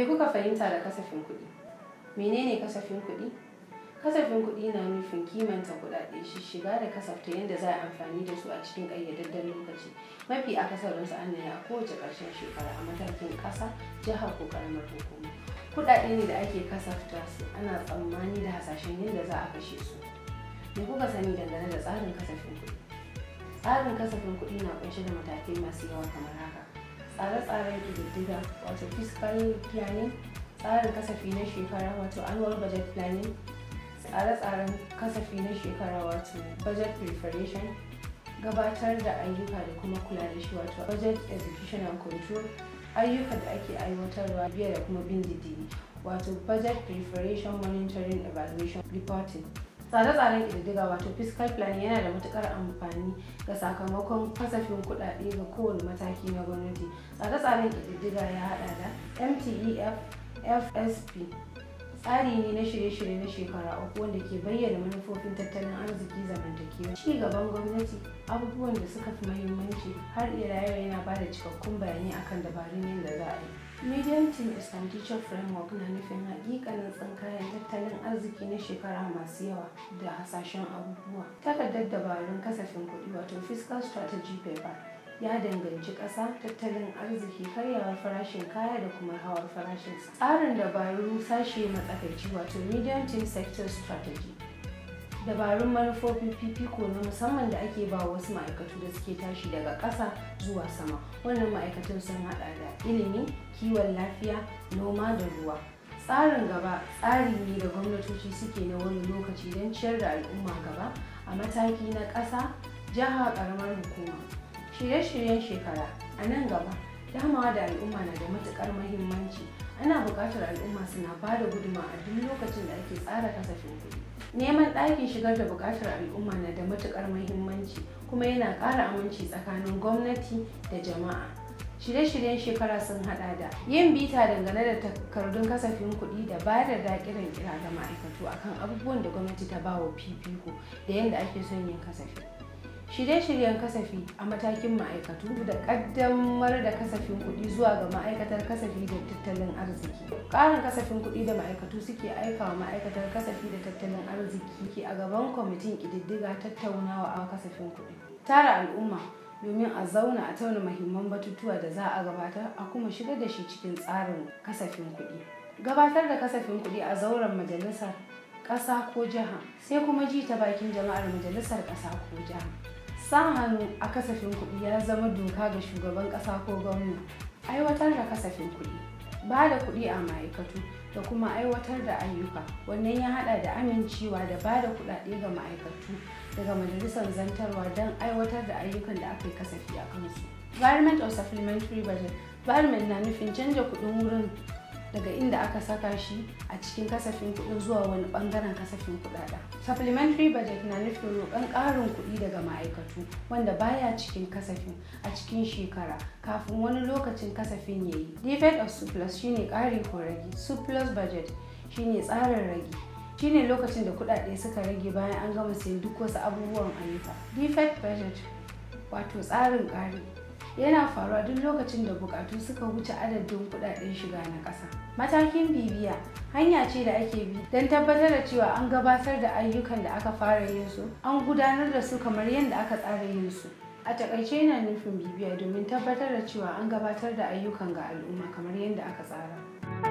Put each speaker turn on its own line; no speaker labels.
me kuka fahimta da kasafin kuɗi menene kasafin kuɗi kasafin kuɗi na nufin kimanta kuɗaɗe shi shiga da kasafta yadda za a amfani da su a cikin ƙayyadaddar lokaci mafi akasarinsu ana yi a kowace ƙarshen shekara a matakin ƙasa jihar ko ƙaramar hukuma kuɗaɗe ne da ake kasafta su ana tsammani da hasashen yadda za a kashe su me kuka sani dangane da tsarin kasafin kuɗi tsarin kasafin kuɗi na ƙunshe da matakai masu yawa kamar haka tsare-tsaren ƙididdiga wato fiscal planning tsarin kasafi na shekara wato annual budget planning tsare-tsaren kasafi na shekara wato budget preparation gabatar da ayyuka da kuma kula da shi wato budget execution and control ayyuka da ake aiwatarwa biya da kuma bin diddigi wato budget preparation monitoring evaluation reporting tsare-tsaren ƙididdiga wato fiscal plan yana da matukar amfani ga sakamakon kasafin kuɗaɗe ga kowane mataki na gwamnati tsare-tsaren ƙididdiga ya haɗa da mtef fsp tsari ne na shirye-shirye na shekara uku wanda ke bayyana manufofin tattalin arziki zamantakewa ci gaban gwamnati abubuwan da suka fi mahimmanci har ila yau yana ba da cikakkun bayanai akan dabarun yadda za a yi Parenting is Framework na nufin haƙiƙanin tsinkayen tattalin arziki na shekara masu yawa da hasashen abubuwa. Takardar dabarun kasafin kuɗi wato Fiscal Strategy Paper ya danganci ƙasa, tattalin arziki, karyawar farashin kaya da kuma hawar farashin. Tsarin dabarun sashe matsakaici wato Medium Sector Strategy. dabarun manufofin fifiko na musamman da ake ba wasu ma'aikatu da suke tashi daga ƙasa zuwa sama wannan ma'aikatun sun hada da ilimi kiwon lafiya noma da ruwa tsarin gaba tsari ne da gwamnatoci suke na wani lokaci don ciyar da al'umma gaba a mataki na ƙasa jiha ƙaramar hukuma shirye-shiryen shekara a nan gaba damawa da al'umma na da matuƙar muhimmanci ana buƙatar al'umma suna ba da guduma a duk lokacin da ake tsara kasafin kuɗi neman ɗakin shigar da buƙatar al'umma na da matuƙar muhimmanci kuma yana ƙara aminci tsakanin gwamnati da jama'a shirye-shiryen shekara sun hada da yin bita dangane da takardun kasafin kuɗi da bayar da dakiran kira ga ma'aikatu akan abubuwan da gwamnati ta ba wa fifiko da yadda ake son yin kasafi shirye-shiryen kasafi a matakin ma'aikatu da ƙaddamar da kasafin kuɗi zuwa ga ma'aikatar kasafi da tattalin arziki ƙarin kasafin kuɗi da ma'aikatu suke aika wa ma'aikatar kasafi da tattalin arziki ke a gaban kwamitin ƙididdiga tattaunawa a kasafin kuɗi tara al'umma domin a zauna a tauna mahimman batutuwa da za a gabatar a kuma shigar da shi cikin tsarin kasafin kuɗi gabatar da kasafin kuɗi a zauren majalisar ƙasa ko jiha sai kuma ji ta bakin jama'ar majalisar ƙasa ko jiha sa hannu a kasafin kuɗi ya zama doka ga shugaban ƙasa ko gwamna aiwatar da kasafin kuɗi ba da kuɗi a ma'aikatu da kuma aiwatar da ayyuka wannan ya hada da amincewa da ba da kuɗaɗe ga ma'aikatu daga majalisar zantarwa don aiwatar da ayyukan da aka yi kasafi a kansu environment of supplementary budget environment na nufin canja kuɗin wurin daga inda aka saka shi a cikin kasafin kuɗi zuwa wani ɓangaren kasafin kuɗaɗen. Supplementary budget na nufin roƙon ƙarin kuɗi daga ma'aikatu wanda baya cikin kasafin a cikin shekara kafin wani lokacin kasafin ya yi. Defect of surplus shine ƙari ko rage. Surplus budget shine tsarin rage. shine lokacin da kuɗaɗe suka rage bayan an gama sayan duk wasu abubuwan ayyuka. Defect budget wato tsarin ƙari yana faruwa duk lokacin da bukatu suka wuce adadin kudaden shiga na ƙasa. Matakin bibiya hanya ce da ake bi don tabbatar da cewa an gabatar da ayyukan da aka fara yin su, an gudanar da su kamar yadda aka tsara yin su. A takaice yana nufin bibiya domin tabbatar da cewa an gabatar da ayyukan ga al'umma kamar yadda aka tsara.